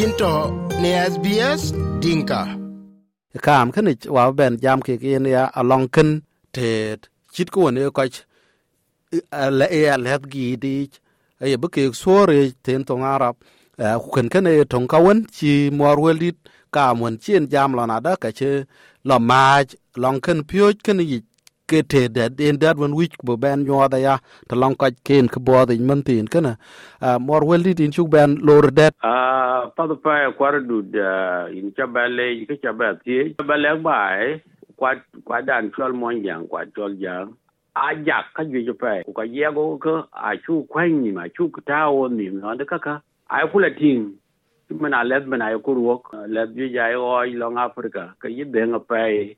yinto ne SBS Dinka. Kaam kini wa ben jam ke yen ya along kin te chit ko ne ko le ya le gi di ye bu ke sore ten tong arab ku ken ken e tong kawen chi mor weldit kaam won chien jam lona da ka che lo maj long kin pyoj kin yit ke te de in that when which bo ben yo da ya to long ka ken ko bo de man tin na mor wel dit in chu ben lor det a pa da pa kwar du da in cha ba le ke cha ba ti ba le ba ai e, kwa kwa dan chol mon yang kwa chol yang a jak ka ju ju pa e, ko ye go ko a chu kwen ni ma chu ta o ni no da ka ka ai kula tin mình à lết mình ai cũng ruột lết dưới dài oi long Africa cái gì đến ở đây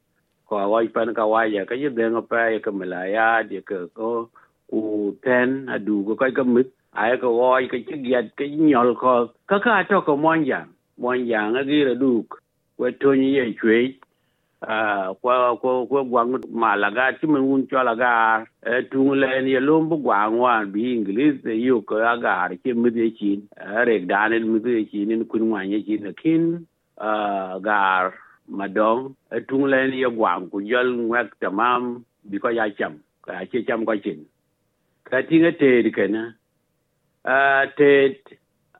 ko awai pan ka wai ya ka yib denga pa ya ka malaya ya ka ko ku ten adu ko kai ka mit ai ka wai ka chi giat ka nyol ko ka ka to ko mon yang mon yang a gi ra duk we to ni ye chwe a kwa ko ko gwang ma la ga chi men un cho la ga e tu le ni lo bu gwang wa bi english de yu ko ga ar chi mit ye chin re dan mit ye chin kun wa ye chin kin a gar mà trung madom e tung len ye gwam ku jol ngwak tamam bi chậm, ya cham ka che cham ko chin ka tinga e te dikena a te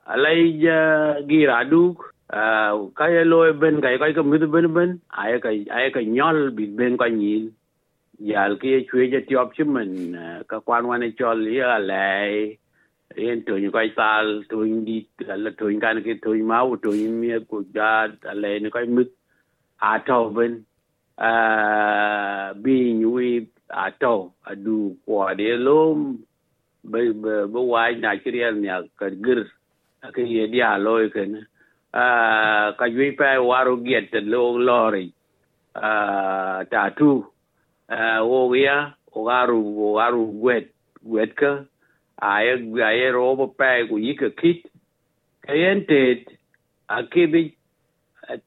alai ra gira duk a ka ye lo ben cái ka ko mid ben ben ay cái ay ka nyol bi ben ko nyin yal ke chwe ja tiop chimen ka quan wane chol ye lại, yên tuổi coi tal tuổi đi là tuổi gan cái tuổi máu tuổi miệng của cha là nó coi mực atɔben uh, bin we atɔ adu kuɔde lom be waaj na ciriɛl nia kadgir ke ye dia loi kene ka uh, jui pe waru giet lo lori uh, ta tu wo ya ogaru ogaru gwet gwet ka aye aye robo pe ku yike kit kayen tet akibich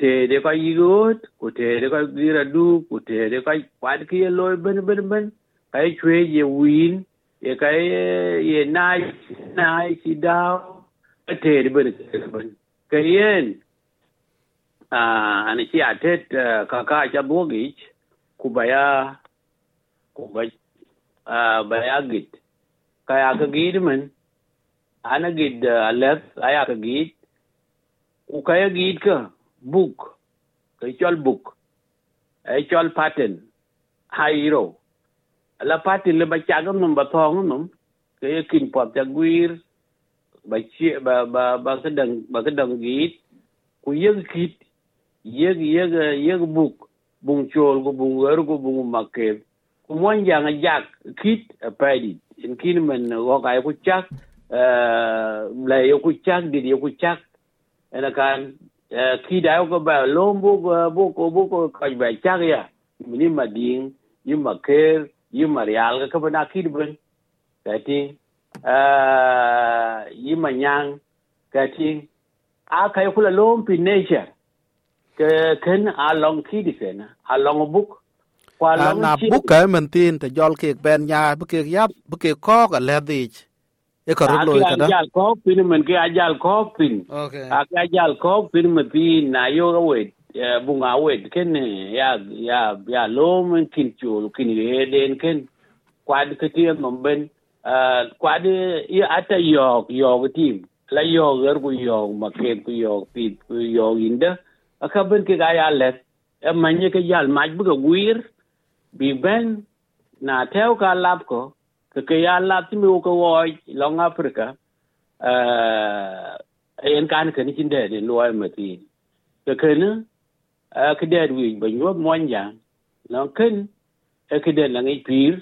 tede ka yigot ko tede ka dira du ko tede ka kwad ki ye loy ben ben ben ka chwe ye win ye ka ye nai nai ah, si daw tede ben ben ka yen a ani ki atet ka ah, ka cha bogich ku baya ku ba a ah, baya git ka ya ka git men ana git alaf aya ka git ku ka ya git ka book ke chol book e chol paten hairo la paten le bachaga num bathong num ke kin pop jagwir ba chi ba ba ba kedang ba kedang git ku yeg git yeg yeg yeg book bung chol ko bung er ko bung makke ku mon janga jak kit padi in kin men ko kai ku chak la yo ku chak di yo ku chak ena kan Ờ, khi đã có bà lôm bố bố cô bố cô coi bà chắc ya à? mình mà điên nhưng mà kê nhưng mà real các bạn đã khi được cái tiếng nhưng mà nhang cái tiếng à cái kula lôm pin nature cái khen à long khi đi khen à long book qua long na book cái mình tin thì do cái bên nhà bất kỳ giáp bất kỳ có cái led e ko rodlo e kada ajal ko pin men ke ajal ko pin ok ak ajal ko pin me pi na yo ya, we bu nga we ken ya ya ya, ya lo men kin chu kin ye den ken kwad ke ti mo ben kwad ye ata yo yo ti la yo ger ku yo ma ke ku yo pi ku yo inda akaben ke ga ya le e manye ke yal maj bu ga wir bi na teo ka ko kekayaan ti mi ko woi long africa eh en kan kan tin de ni loi ma ke ken a ke de wi ba yo mon ya long ken e ke de la ngai pir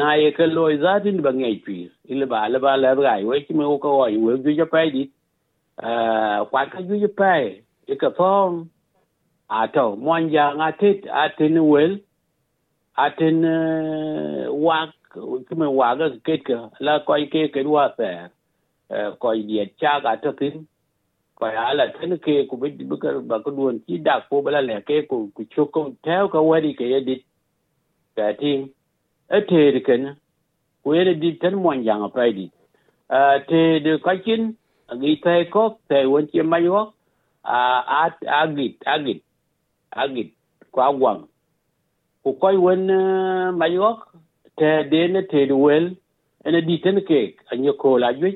na ye ke loi za tin ba ngai pir ile ba le ba le ga yo ti mi ko woi wo ju ja pai di eh kwa ka ju ja pai e ka phong a to mon ya ngatit atin uh, wak kime waga ketka la koy ke kedwa fer uh, koy die cha ga tatin koy ala tin ke ku bid bukar ba ku don ki da ko bala le ke ku ku chukun taw ka wari ke yedi kati eter ken ku yede di tan mon yang pa di uh, te de kakin gi tay ko te won ki mayo a agit agit agit kwa gwang ku koy wen mayok te den te wel ene diten ke anye ko la jwe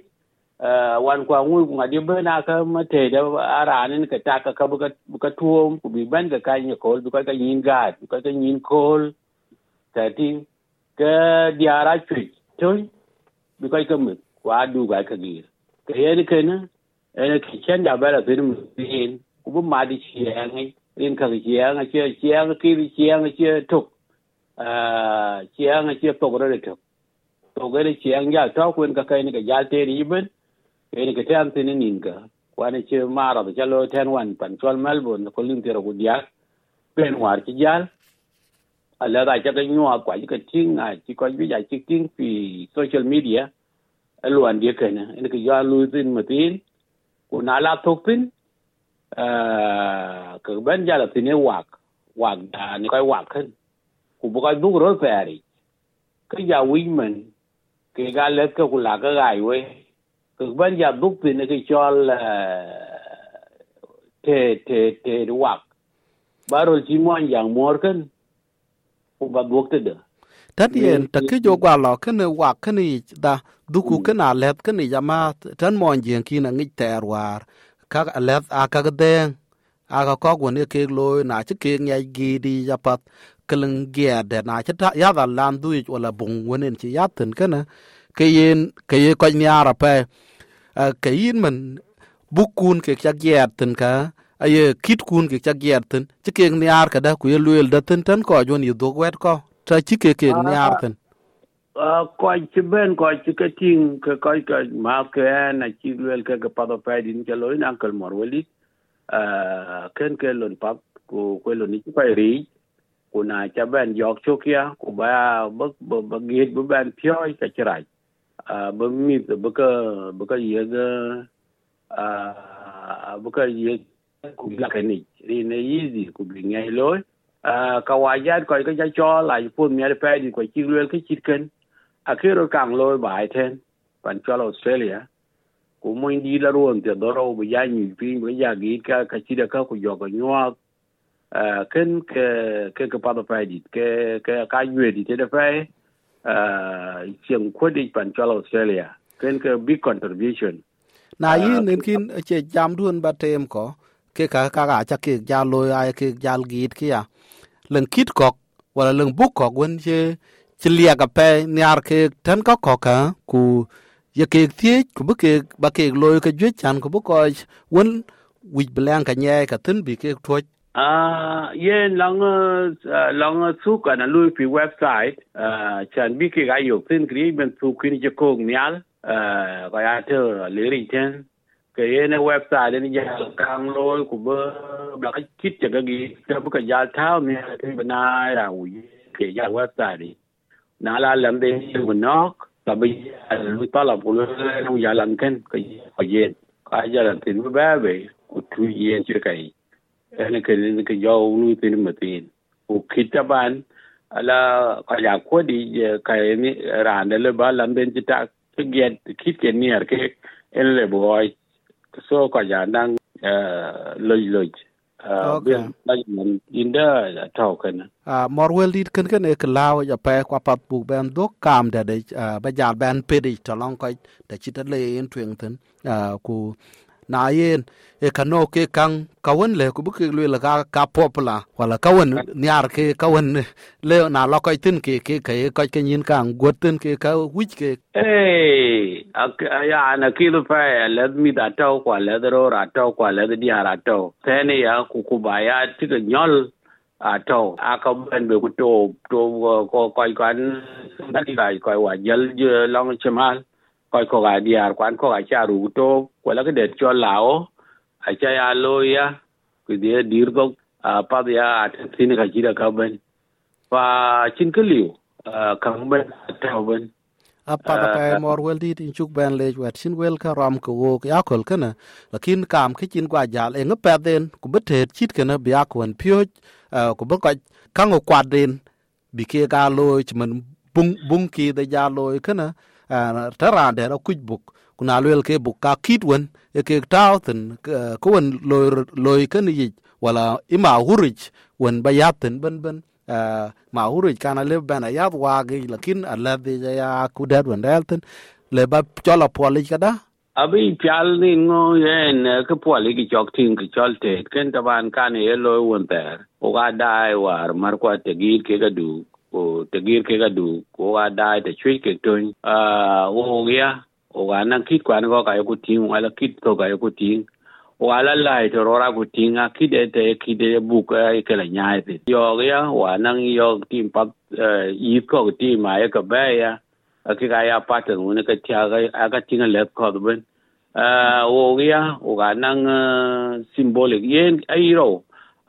wan kwa ngu ngadi bena ka mate da aranin ka taka ka buka buka tuom ku bi ban ka ka nye kol bi ka yin gad bi ka yin kol ta ti ka diara chwe ton bi ka ka mu kwa du ga ka gir ka yen ka na ene ki chen da bara bin mu yin ku bu ma di chi ya ngai in khang chiang a chia chiang ki bi chiang a chia thục à chiang a chia to rồi thục to cái chiang ya tao quên cái cái này ya te ri ben cái này cái tam tin nin ka quan chia ma ra ba lo ten wan pan chol melbourne ko lin tero gu dia ben war chi jal ala da cha cái nyua kwa à, cái ting a chi ko bi ya chi ting pi social media luan dia kana cái ya lu tin matin ko na la thục tin ka ben jala tine wak wak da ni kai wak kan ku bu kai duk ro fari ka ja wi men ke ga le ka ku la ka ga we ka ben ja duk tine ke chol te te te wak baro ji mo yang mor kan ku ba duk te da tat yen ta ke jo gwa lo ke ne wa ke ni da du ku ke na le ke ni jama tan mon jien ki na ngi ter war kak alet akak deng aka kok wen ye kek loy na chi kek nyai gi di yapat keleng gia de na chi ta ya da lan du ich wala bung wenen chi ya ten kana ke yin ke ye ko ni ara pe ke yin men bukun ke cha gia ten ka aye kit kun ke cha gia ten chi kek ni ar ka da ku ye luel da ten ten ko jon yi dog wet ko ta chi kek kek ni ar ten ko ci ben ko ci ka ting ka ko ka ma ka na ci wel ka ka pa do pa din ka loin ankal mor wali ken ke lon pap ko ko lon ni pa ri ko na cha ben yok chok ya ko ba ba ba giet bu ben pyoi ka ci rai ba mi ba ka ba ka ye ga ba ka ye ku la ka ni ri ne yizi ku bi ngai loy ka wajan ko ka cha cho la pu mi ar pa di ko ci wel ka ci ken à khi càng lôi bài bai ten pan chol australia ku mo indi la ron te doro bu ya ni pi bu ya gi ka ka chi da ka ku yo à nyua cái cái cái ka pa da pa cái cái ke ka đi thế te phải à eh chiang ko di pan chol australia ken cái big contribution na yin nen kin che jam dun ba tem ko ke ka ka ga cha ke ja lo ai ke jal git kia leng kit kok wala leng buk kok wen che chỉ lia cà phê nhà khi thân có khó cả cụ giờ cái thế cụ bức cái bà cái lôi cái duyệt chăn cụ bức coi quân quỳ blang cả nhà cả thân bị cái thôi à ye long ah, long su cả na lui pi website à, ah, chẳng bi cái gai yok tin kri men su kri je kong nyal ga ah, ya te le riêng, ten cái ye na website ni ya càng lôi cụ bơ bà cái kit cái gì, ta bu cái ya thao ni cái bên ai là u cái ya website نعلى لمبي وناق طبي طلب ولو يعلم كان كي حجين قاجل تنو بابي وتوين شكاي أنا كنن كجاو نو تنو متين وكتبان على قاجا كودي كايني راند لبا لمبين جتا تجد كيت كنير كي إن لبوي سو قاجا نان لوج لوج inda tau kana morwel dit ken ken ek law ya pa kwa pat bu ben do kam da de à, ba jal ben pedi to long ko da chita le en twen ten à, ku na yen e kano ke kang kawen le ku buke le ka ka popla wala kawen nyar ke kawen le na lo ko tin ke ke ke ko ke nin kang go tin ke ka wich ke eh ya na kilo pa le mi da to kwa le ro ra to kwa le di ra to tene ya ku ku ba ya ti ke nyol à trâu à không bên bị cái trâu trâu có coi quán đã đi lại coi quả dân long chim koy ko ga diar kwan ko ga charu to ko la ke det cho lao a cha ya lo ya ku de dir go a pa ya at tin ga jira ka ben pa chin ke liu kang ben ta ben apa ta kai mor wel dit in chuk ben le wet sin wel ka ram ko wo ya kol kana lakin kam ke chin kwa jal en pa den ku bethet chit kana bia kon pyo ku ba ka kang ko kwa den bi kia ga lo chman bung bung ki de ja lo kana terander akuc buk ku na luel ke buk ka kit wen ekek tau thin ke wen loi ken yic wala ima huric wen ba yap thin benben ma huric kan alep ben ayap waagic lakin aleth dhic aya ku det wen rel thin le ba cɔl apuɔlic kada abi pial ni ngo yen ke puali ki chok tin ki cholte ken taban kan ye loy won ter o ga dai war mar kwa te gi ke ga du ko tegir ke gadu ko wa dai te chui ke tun a wo ya o ga nan kit kwan go ga ku tin wala kit to ga ku tin wala lai to rora ku tin a kit e te kit de bu ka e ke la nya te yo ya wa nan yo tin pap e, i ko ti ma ya ka ba ya a ki ga ya patan wona ka tia ga a ka tin le ko ben a wo ya o ga nan symbolic yen ai ro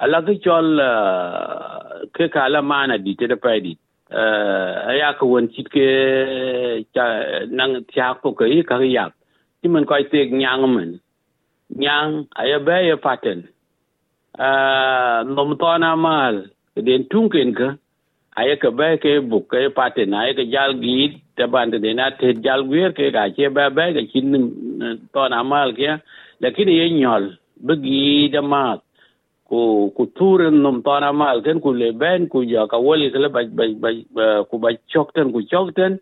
ala ke chol uh, ke kala mana di te pa di uh, aya ko won chit ke cha nang tia ko ke ka ya ti men ko te nyang men nyang aya ba ya paten a uh, nom to na mal den tung ken ka aya ka ba ke bu ke paten aya ke jal gi te ban de na te jal gwer ke ga che ba ba ke chin to na mal ke lakini ye nyol bagi damat ku ku turin num tona mal ken ku ya le ben ku ja ka wali kala ba ba ku ba chokten ku chokten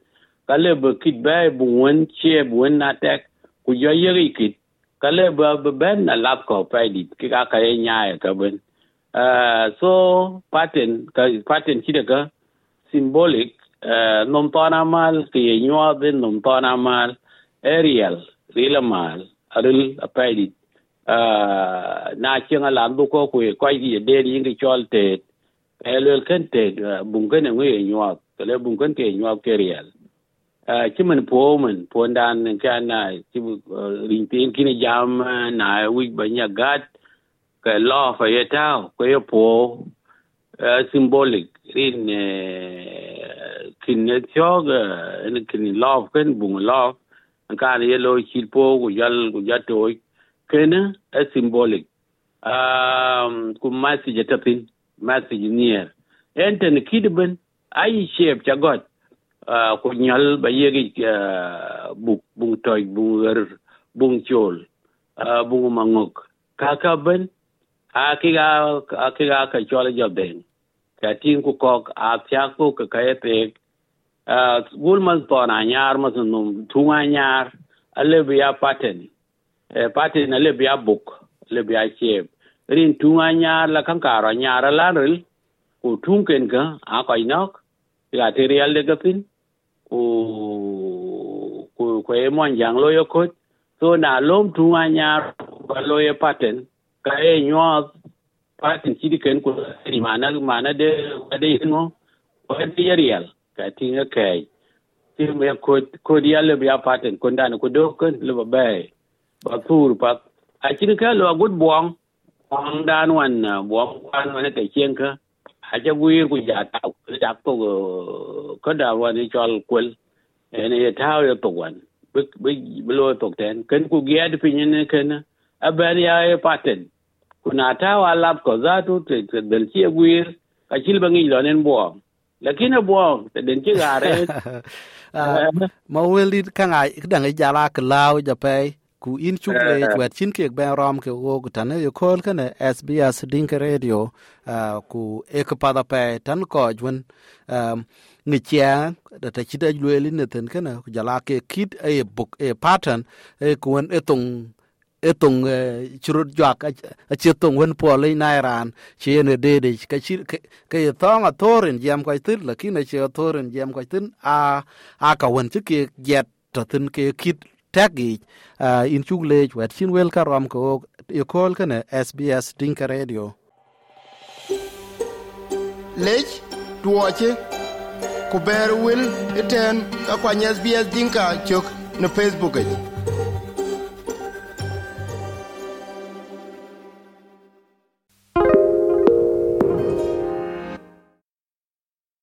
kale ba kit ba e bu wen che e bu wen na tek ku ja ya yeri kit kale ba ba ben na lap ko pa dit ki ka ka nya ya ka ben uh, so paten ka paten ki de ga symbolic uh, num tona mal ki nyua ben num tona mal aerial rilamal aril apaidit Ờ, na chinga landu ko ku kwai di de ri ngi chol te elel ken te bunga ne ngi nyuak to le bunga ke nyuak ke riel ci man po man po dan ka na ci rin tin kin jam na wi ba nya gat ka lo fa ye ta ko ye po symbolic rin kin ne chog en kin love ken bung love an ka ye lo chi po ku yal ku ja to kenan a symbolic um, ku message tapin message near enten kidben ai shape cha god uh, ku nyal ba yegi uh, bu bu toy bun yar er, bun chol uh, bu mangok kaka ben a kira ka chol jobden ka tin ku kok a thya ku ka kayete uh, gulman pon anyar masunum a anyar ya pateni e eh, pati na le bia buk le bia che rin tunga nya la kan ka ra nya ra la ril ku tung ken ga a ko inok ya te real de gapin ku ku ko e mon jang lo yo ko so na lom tunga nya ba lo ye paten ka e nyo paten ti ken ku ri mana mana de de no ko e real ka tinga kai ti me ko ko dia le bia paten ko ndan ko do ken le ba bai batur pat a cin ka lo gut buang on dan wan uh, buang kwan wan ka cien ka a ja guir ku ja ta ja to uh, ko da wan ni chol kul ene ya ta ya to wan bi bi lo to ten ken ku ge ad pin ne ken a bar ya ya paten kuna ta wa lab ko za to te del ci guir ka cil bangi lo nen buang lakini buong den ci gare uh, ma welit kanga dang jala klaw japai ku in chuk le wet chin ke ben ram ke wo ku tan yo kol kane SBS Dinka Radio ku ek pa da pe tan ko jun ni chia da ta chi da lwe lin ne ten kana ku jala ke kit e book e pattern e ku en etung etung churut jak a chi tung wen po le na ran chi ne de de ka chi ke thong a thorin jam ko tin la kin a chi thorin jam ko tin a a ka wen chi ke jet ta tin ke kit tek gic uh, in cuk leec wɛt cin wel ka rɔm keok ikɔɔl kene sbs dinka radio lec duɔci ku bɛɛr wel etɛɛn ka kuany sbs dinka cök ne facebook ic e.